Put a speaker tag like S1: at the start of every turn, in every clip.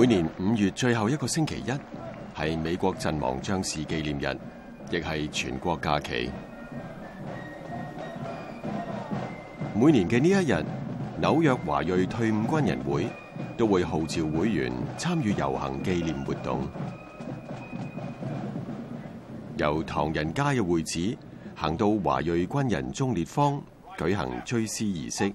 S1: 每年五月最後一個星期一係美國陣亡將士紀念日，亦係全國假期。每年嘅呢一日，紐約華裔退伍軍人會都會號召會員參與遊行紀念活動，由唐人街嘅會址行到華裔軍人忠烈坊舉行追思儀式。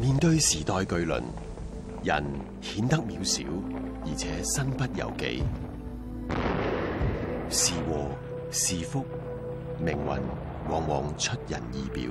S1: 面對時代巨輪，人顯得渺小，而且身不由己。是禍是福，命運往往出人意表。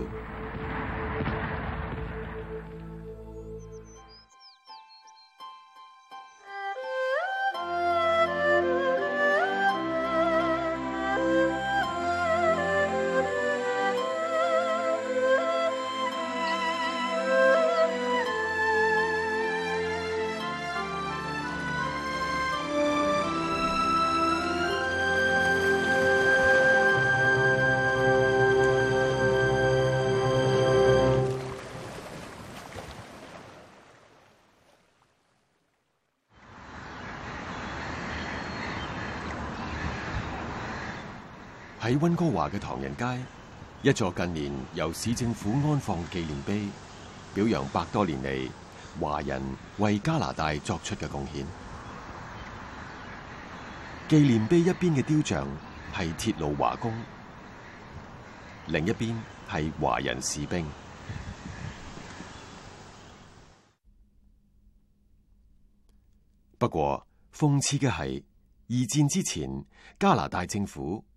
S1: 温哥華嘅唐人街一座近年由市政府安放紀念碑，表揚百多年嚟華人為加拿大作出嘅貢獻。紀念碑一邊嘅雕像係鐵路華工，另一邊係華人士兵。不過諷刺嘅係，二戰之前加拿大政府。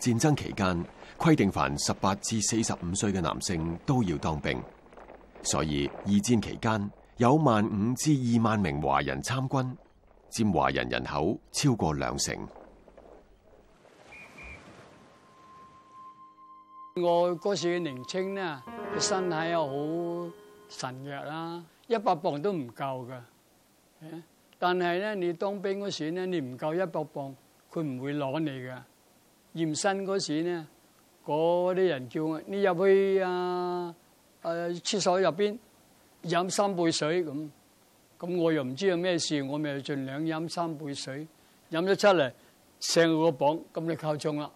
S1: 戰爭期間規定凡十八至四十五歲嘅男性都要當兵，所以二戰期間有萬五至二萬名華人參軍，佔華人人口超過兩成。
S2: 我嗰時嘅年青咧，身體又好神弱啦，一百磅都唔夠噶。但係咧，你當兵嗰時咧，你唔夠一百磅，佢唔會攞你噶。驗身嗰時咧，嗰啲人叫我，你入去啊誒廁所入邊飲三杯水咁。咁我又唔知有咩事，我咪盡量飲三杯水，飲咗出嚟成個榜，咁你靠中啦，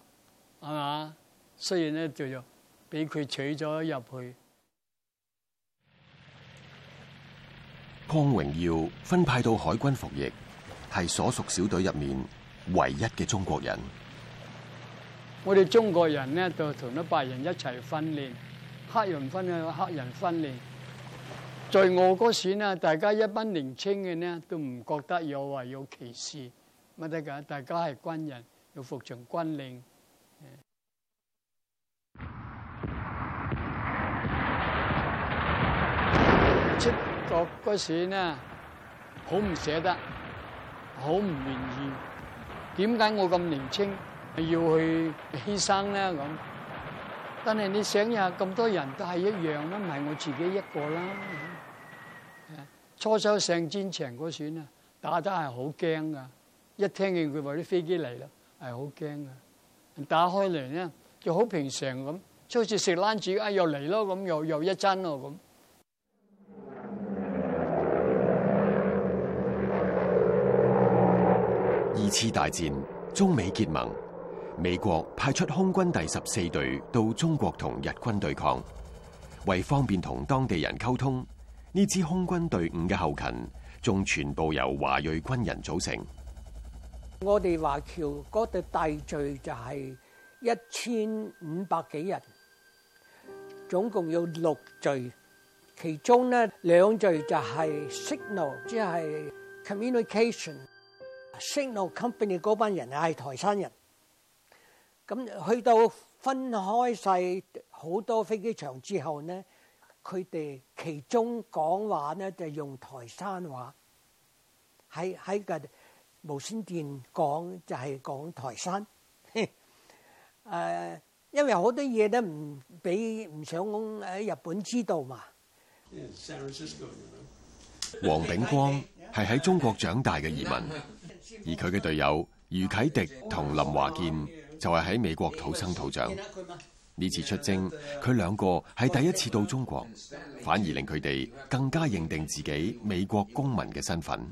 S2: 係嘛？雖然咧就又俾佢取咗入去。
S1: 康榮耀分派到海軍服役，係所屬小隊入面唯一嘅中國人。
S2: 我哋中國人咧，就同啲白人一齊訓練，黑人訓練，黑人訓練，在我嗰時咧，大家一班年青嘅咧，都唔覺得有話有歧視乜得噶，大家係軍人要服從軍令。出國嗰時咧，好唔捨得，好唔願意。點解我咁年青？要去犧牲啦。咁，但係你想呀？咁多人都係一樣啦，唔係我自己一個啦。初初上戰場嗰時呢，打得係好驚噶，一聽見佢話啲飛機嚟啦，係好驚噶。打開嚟咧，就好平常咁，即好似食晏啊，又嚟咯咁，又又一陣咯咁。
S1: 二次大戰，中美結盟。美國派出空軍第十四隊到中國同日軍對抗，為方便同當地人溝通，呢支空軍隊伍嘅後勤仲全部由華裔軍人組成。
S3: 我哋華僑嗰度大隊就係一千五百幾人，總共有六隊，其中咧兩隊就係 signal，即係 communication signal company 嗰班人係台山人。咁去到分開晒好多飛機場之後呢，佢哋其中講話呢就用台山話喺喺個無線電講就係講台山。誒，因為好多嘢都唔俾唔想喺日本知道嘛。
S4: 黃
S1: 炳光係喺中國長大嘅移民，而佢嘅隊友余啟迪同林華健，就係喺美國土生土長，呢次出征佢兩個係第一次到中國，反而令佢哋更加認定自己美國公民嘅身
S5: 份。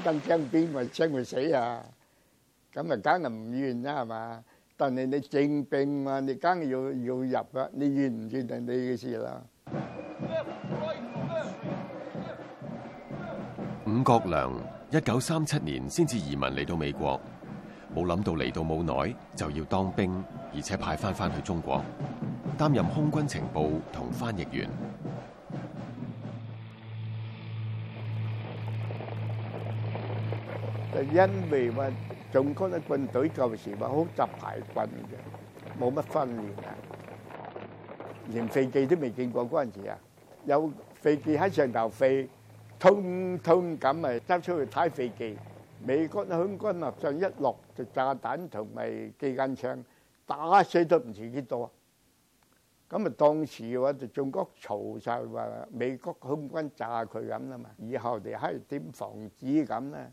S6: 兵當兵邊會槍會死啊？咁咪梗係唔願啦，係嘛？但係你徵兵嘛，你梗係要要入啦，你願唔願定你嘅事啦。
S1: 伍國良一九三七年先至移民嚟到美國，冇諗到嚟到冇耐就要當兵，而且派翻翻去中國，擔任空軍情報同翻譯員。
S6: 因為我中國啲軍隊舊時話好雜牌軍嘅，冇乜訓練，連飛機都未見過嗰陣時啊，有飛機喺上頭飛，通通咁誒執出去睇飛機，美國嘅空軍啊，一落就炸彈同埋機關槍打死都唔知幾多，咁啊當時嘅話就中國嘈曬話美國空軍炸佢咁啦嘛，以後我哋係點防止咁咧？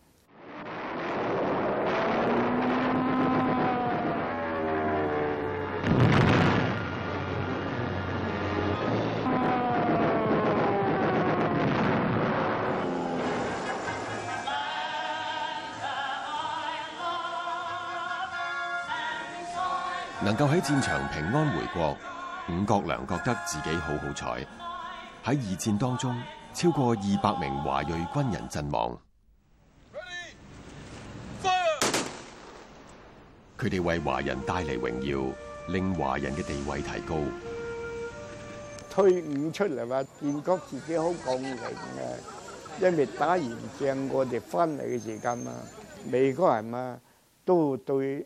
S1: 又喺戰場平安回國，伍國良覺得自己好好彩。喺二戰當中，超過二百名華裔軍人陣亡。
S6: 佢哋 Ready?
S1: Fire! 為華人帶嚟榮耀，令華人嘅地位提高。
S6: 退伍出嚟嘛，感覺自己好光榮啊！因為打完仗我哋翻嚟嘅時間嘛，美國人嘛都對。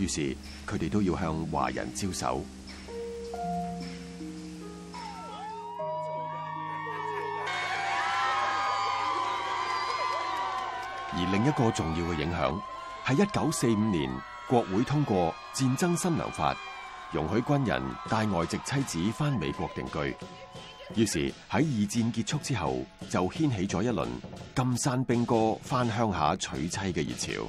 S1: 於是佢哋都要向華人招手。而另一個重要嘅影響係一九四五年國會通過戰爭新娘法，容許軍人帶外籍妻子返美國定居。於是喺二戰結束之後，就掀起咗一輪金山兵哥返鄉下娶妻嘅熱潮。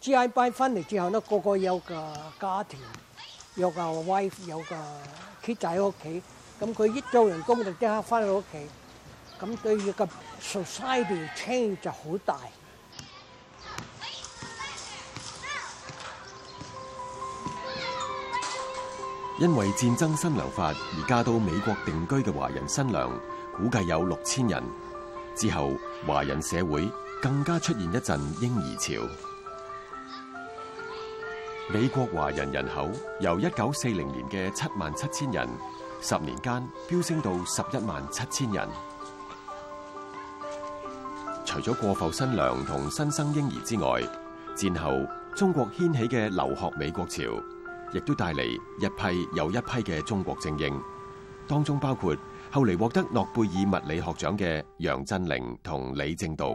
S3: G.I. 班翻嚟之後，呢個個有個家庭，有個 wife，有個 Kid 仔喺屋企。咁佢一做完工就即刻翻到屋企。咁對於個 society change 就好大。
S1: 因為戰爭新娘法而嫁到美國定居嘅華人新娘，估計有六千人。之後華人社會更加出現一陣嬰兒潮。美國華人人口由一九四零年嘅七萬七千人，十年間飆升到十一萬七千人。除咗過埠新娘同新生嬰兒之外，戰後中國掀起嘅留學美國潮，亦都帶嚟一批又一批嘅中國精英，當中包括後嚟獲得諾貝爾物理學獎嘅楊振寧同李政道。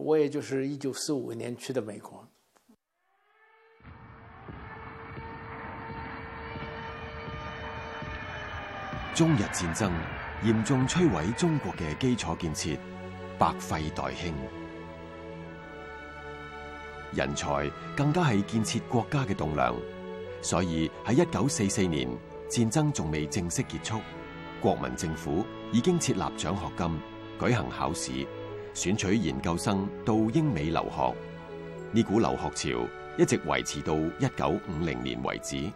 S7: 我也就是一九四五年去的美國。
S1: 中日戰爭嚴重摧毀中國嘅基礎建設，百廢待興。人才更加係建設國家嘅棟樑，所以喺一九四四年，戰爭仲未正式結束，國民政府已經設立獎學金，舉行考試。選取研究生到英美留學，呢股留學潮一直維持到一九五零年為止。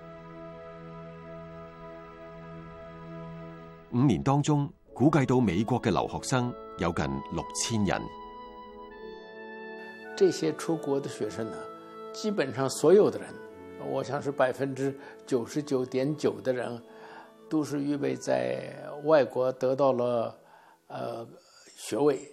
S1: 五年當中，估計到美國嘅留學生有近六千人。
S7: 這些出國的學生呢，基本上所有的人，我想是百分之九十九點九的人，都是預備在外國得到了，呃，學位。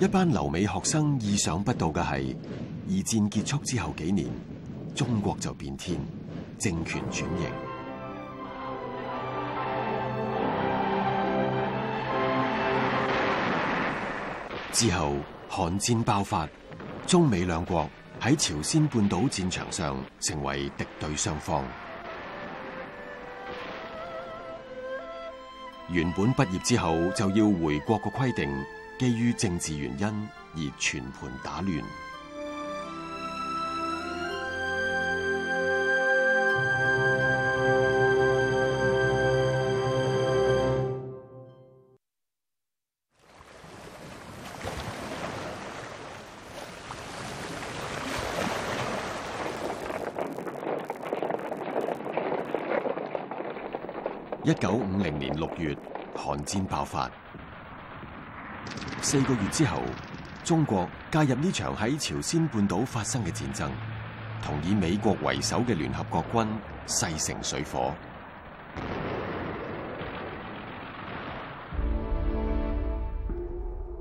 S1: 一班留美學生意想不到嘅係二戰結束之後幾年，中國就變天，政權轉型。之後，韓戰爆發，中美兩國喺朝鮮半島戰場上成為敵對雙方。原本畢業之後就要回國個規定。基於政治原因而全盤打亂。一九五零年六月，韓戰爆發。四個月之後，中國介入呢場喺朝鮮半島發生嘅戰爭，同以美國為首嘅聯合國軍勢成水火。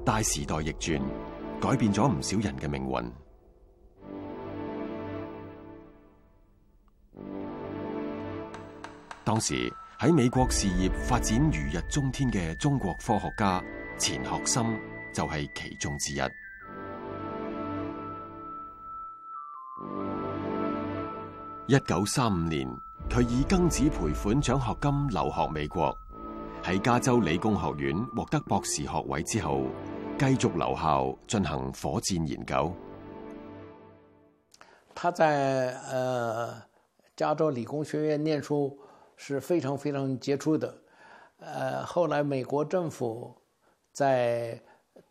S1: 大時代逆轉，改變咗唔少人嘅命運。當時喺美國事業發展如日中天嘅中國科學家錢學森。就係其中之一。一九三五年，佢以庚子賠款獎學金留學美國，喺加州理工學院獲得博士學位之後，繼續留校進行火箭研究。
S7: 他在、呃、加州理工學院念書是非常非常傑出的，誒、呃、後來美國政府在。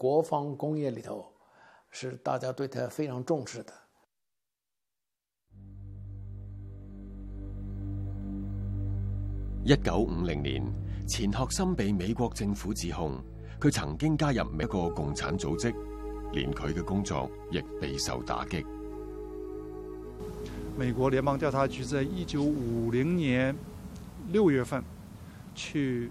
S7: 國防工業裏頭，是大家對他非常重視的。
S1: 一九五零年，錢學森被美國政府指控，佢曾經加入美國共產組織，連佢嘅工作亦備受打擊。
S8: 美國聯邦調查局在一九五零年六月份去。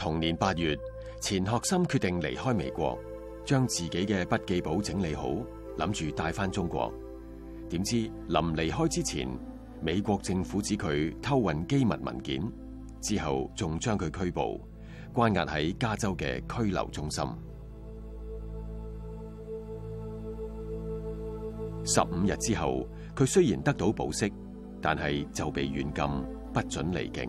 S1: 同年八月，錢學森決定離開美國，將自己嘅筆記簿整理好，諗住帶翻中國。點知臨離開之前，美國政府指佢偷運機密文件，之後仲將佢拘捕，關押喺加州嘅拘留中心。十五日之後，佢雖然得到保釋，但係就被軟禁，不准離境。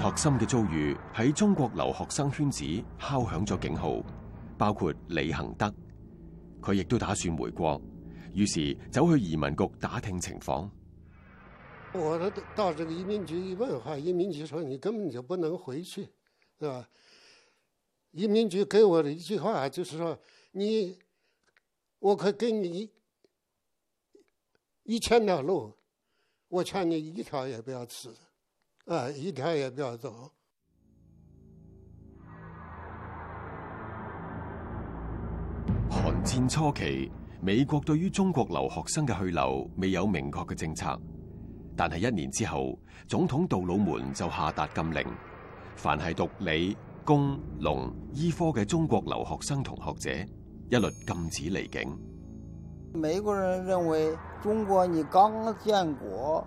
S1: 學生嘅遭遇喺中國留學生圈子敲響咗警號，包括李恒德，佢亦都打算回國，於是走去移民局打聽情況。
S9: 我到到這個移民局一問，話移民局說，你根本就不能回去，移民局給我的一句話就是說，你我可以給你一千條路，我勸你一條也不要走啊！一家嘢比較多。
S1: 韓戰初期，美國對於中國留學生嘅去留未有明確嘅政策，但係一年之後，總統杜魯門就下達禁令，凡係讀理、工、農、醫科嘅中國留學生同學者，一律禁止離
S10: 境。美國人認為中國你剛建國。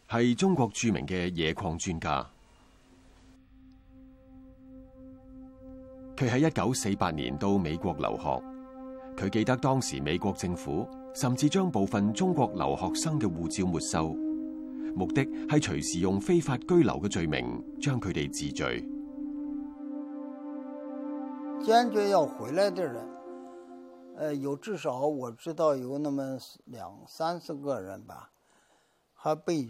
S1: 係中國著名嘅野礦專家，佢喺一九四八年到美國留學。佢記得當時美國政府甚至將部分中國留學生嘅護照沒收，目的係隨時用非法居留嘅罪名將佢哋治罪。
S10: 堅決要回來的人，有至少我知道有那麼兩、三四個人吧，還被。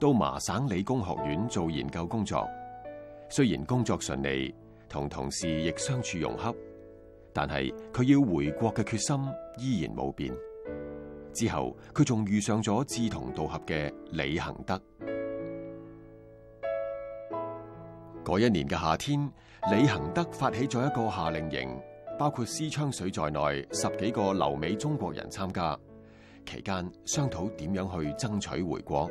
S1: 到麻省理工學院做研究工作，雖然工作順利，同同事亦相處融洽，但係佢要回國嘅決心依然冇變。之後佢仲遇上咗志同道合嘅李恒德。嗰一年嘅夏天，李恒德發起咗一個夏令營，包括師昌緒在內十幾個留美中國人參加，期間商討點樣去爭取回國。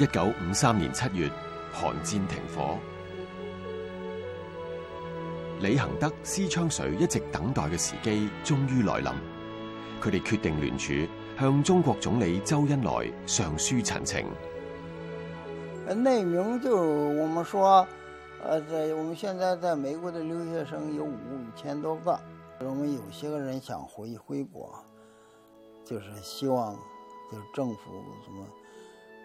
S1: 一九五三年七月，韓戰停火，李恒德、施昌水一直等待嘅時機終於來臨。佢哋決定聯署向中國總理周恩來上書陳情。
S10: 內名就是我們說，呃，我們現在在美國的留學生有五千多個，我們有些個人想回回國，就是希望，就政府什麼。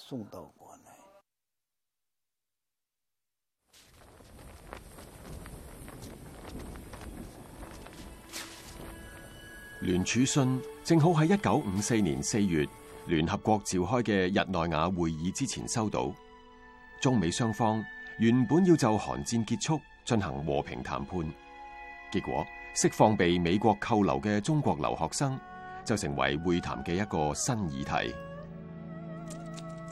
S10: 送到過嚟
S1: 聯署信正好喺一九五四年四月聯合國召開嘅日內瓦會議之前收到。中美雙方原本要就韓戰結束進行和平談判，結果釋放被美國扣留嘅中國留學生就成為會談嘅一個新議題。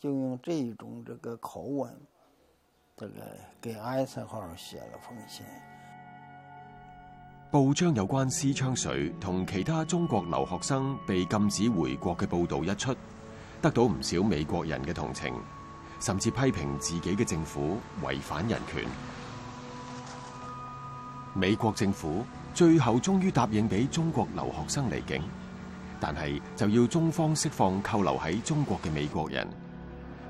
S10: 就用這種這個口吻，這個給艾森豪爾寫了封信。
S1: 報章有關師昌緒同其他中國留學生被禁止回國嘅報道一出，得到唔少美國人嘅同情，甚至批評自己嘅政府違反人權。美國政府最後終於答應俾中國留學生離境，但係就要中方釋放扣留喺中國嘅美國人。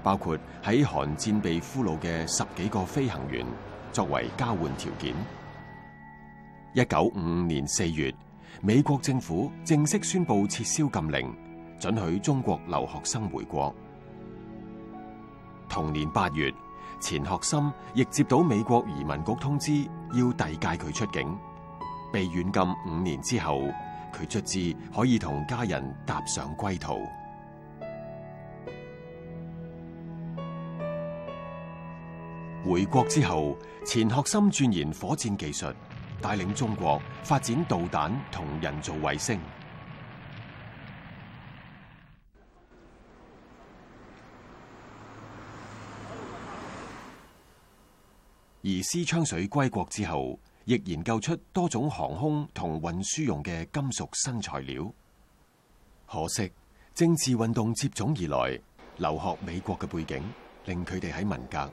S1: 包括喺韓戰被俘虜嘅十幾個飛行員作為交換條件。一九五五年四月，美國政府正式宣布撤銷禁令，准許中國留學生回國。同年八月，錢學森亦接到美國移民局通知，要遞解佢出境。被軟禁五年之後，佢卒之可以同家人踏上歸途。回國之後，錢學森鑽研火箭技術，帶領中國發展導彈同人造衛星。而師昌緒歸國之後，亦研究出多種航空同運輸用嘅金屬新材料。可惜政治運動接踵而來，留學美國嘅背景令佢哋喺文革。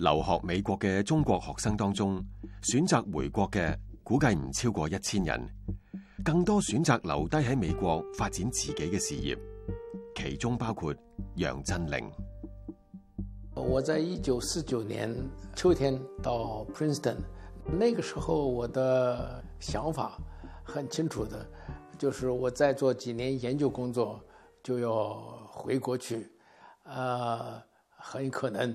S1: 留學美國嘅中國學生當中，選擇回國嘅估計唔超過一千人，更多選擇留低喺美國發展自己嘅事業，其中包括楊振寧。
S7: 我在一九四九年秋天到 Princeton，那個時候我的想法很清楚的，就是我再做幾年研究工作就要回國去，啊，很可能。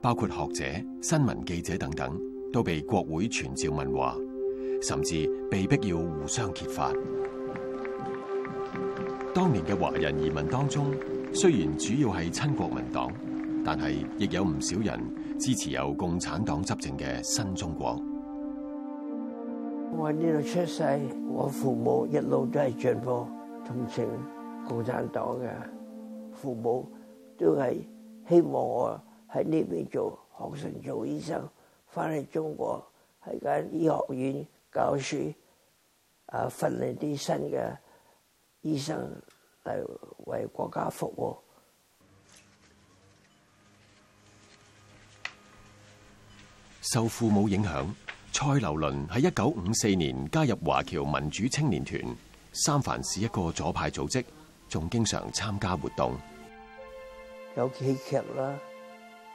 S1: 包括學者、新聞記者等等，都被國會傳召問話，甚至被逼要互相揭發。當年嘅華人移民當中，雖然主要係親國民黨，但係亦有唔少人支持有共產黨執政嘅新中國。
S5: 我喺呢度出世，我父母一路都係進步同情共產黨嘅，父母都係希望我。喺呢邊做學生，做醫生，翻嚟中國喺間醫學院教書，啊，訓練啲新嘅醫生嚟為國家服務。
S1: 受父母影響，蔡劉倫喺一九五四年加入華僑民主青年團，三藩市一個左派組織，仲經常參加活動，
S5: 有戲劇啦。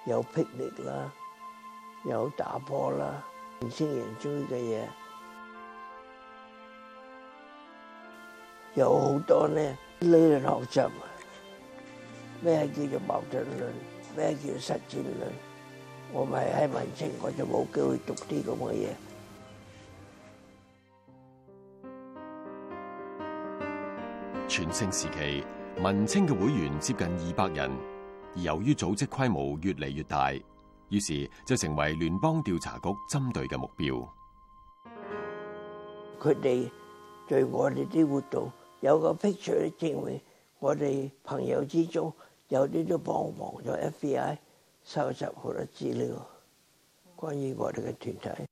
S5: 有霹靂啦，有打波啦，年輕人中意嘅嘢，有好多咧，理論學習，咩叫做矛盾論，咩叫做實踐論，我咪喺民青，我就冇機會讀啲咁嘅嘢。
S1: 全盛時期，民青嘅會員接近二百人。由於組織規模越嚟越大，於是就成為聯邦調查局針對嘅目標。
S5: 佢哋對我哋啲活動有個 picture，證明我哋朋友之中有啲都幫忙咗 FBI 收集好多資料，關於我哋嘅團體。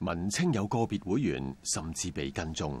S1: 文青有個別會員甚至被跟蹤。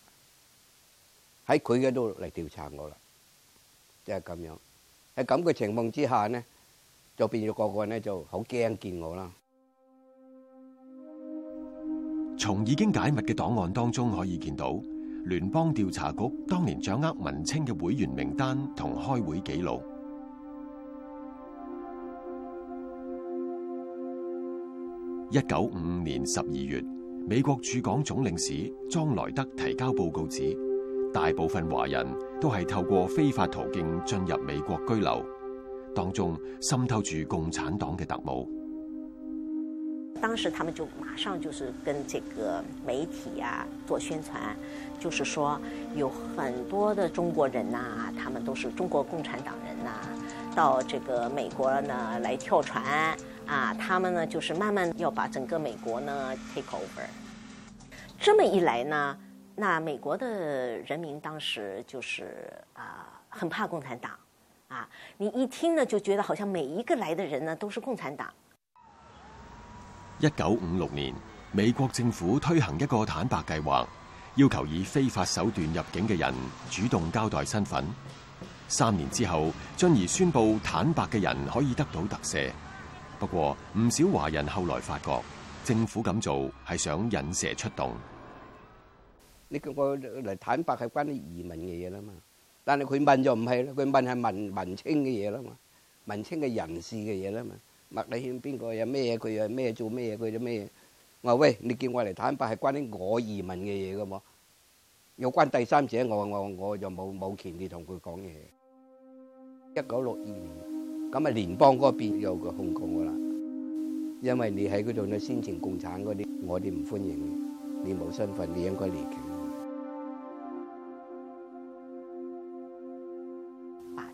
S11: 喺佢嘅度嚟調查我啦，即係咁樣喺咁嘅情況之下呢就變咗個個咧就好驚見我啦。
S1: 從已經解密嘅檔案當中可以見到，聯邦調查局當年掌握文青嘅會員名單同開會記錄。一九五五年十二月，美國駐港總領事莊萊德提交報告指，大部分華人都係透過非法途徑進入美國居留，當中滲透住共產黨嘅特務。
S12: 當時他們就馬上就是跟這個媒體啊做宣傳，就是說有很多的中國人吶、啊，他們都是中國共產黨人吶、啊，到這個美國呢來跳船啊，他們呢就是慢慢要把整個美國呢 take over。這麼一來呢，那美國的人民當時就是啊，很怕共產黨，啊，你一聽呢就覺得好像每一個來的人呢都是共產黨。
S1: 一九五六年，美國政府推行一個坦白計劃，要求以非法手段入境嘅人主動交代身份。三年之後，進而宣布坦白嘅人可以得到特赦。不過唔少華人後來發覺，政府咁做係想引蛇出洞。
S11: 你叫我嚟坦白係關啲移民嘅嘢啦嘛，但係佢問就唔係啦，佢問係問民青嘅嘢啦嘛，民青嘅人事嘅嘢啦嘛，麥理翹邊個有咩嘢，佢有咩做咩嘢，佢做咩嘢。我話喂，你叫我嚟坦白係關啲我移民嘅嘢嘅嘛？有關第三者，我我我就冇冇權利同佢講嘢。一九六二年，咁啊聯邦嗰邊有個控告嘅啦，因為你喺嗰度咧宣傳共產嗰啲，我哋唔歡迎。你冇身份，你應該離境。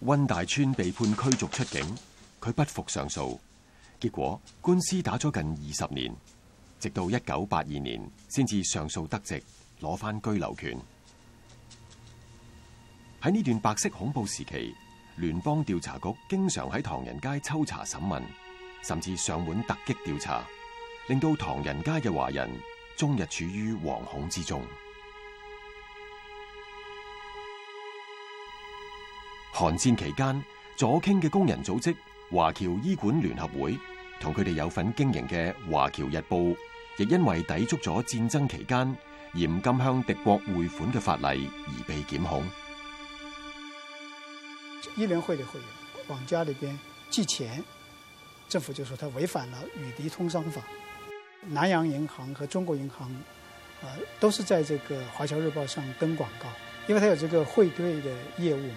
S1: 温大川被判驅逐出境，佢不服上訴，結果官司打咗近二十年，直到一九八二年先至上訴得直，攞翻居留權。喺呢段白色恐怖時期，聯邦調查局經常喺唐人街抽查審問，甚至上門突擊調查，令到唐人街嘅華人終日處於惶恐之中。韓戰期間，左傾嘅工人組織華僑醫館聯合會同佢哋有份經營嘅《華僑日報》，亦因為抵觸咗戰爭期間嚴禁向敵國匯款嘅法例而被檢控。
S13: 醫聯會嘅會員往家裏邊寄錢，政府就說他違反了與敵通商法。南洋銀行和中國銀行，都是在這個《華僑日報》上登廣告，因為他有這個匯兌嘅業務嘛。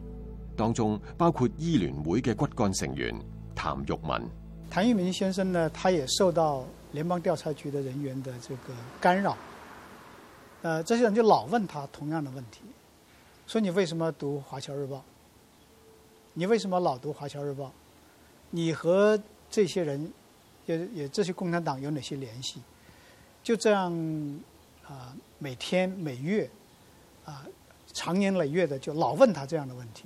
S1: 當中包括醫聯會嘅骨幹成員譚玉文，
S13: 譚玉明先生呢，他也受到聯邦調查局的人員的這個干擾，呃，這些人就老問他同樣的問題，說你為什麼讀華僑日報？你為什麼老讀華僑日報？你和這些人也也這些共產黨有哪些聯繫？就這樣啊、呃，每天每月啊、呃，長年累月的就老問他這樣的問題。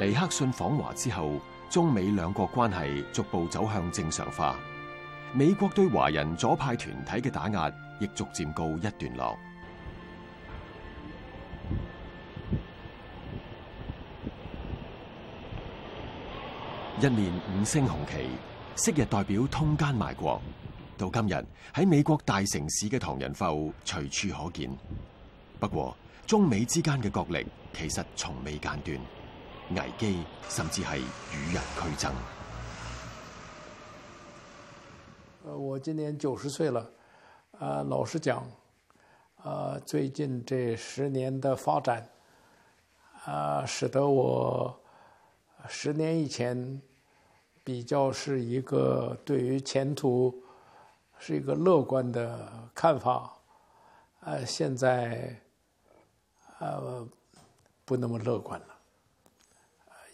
S1: 尼克遜訪華之後，中美兩國關係逐步走向正常化。美國對華人左派團體嘅打壓亦逐漸告一段落。一面五星紅旗，昔日代表通奸賣國，到今日喺美國大城市嘅唐人埠隨處可見。不過，中美之間嘅角力其實從未間斷。危機甚至係與日俱增。
S7: 我今年九十歲了，啊，老實講，啊，最近這十年的發展，啊使得我十年以前比較是一個對於前途是一個樂觀的看法，啊，現在啊不那麼樂觀。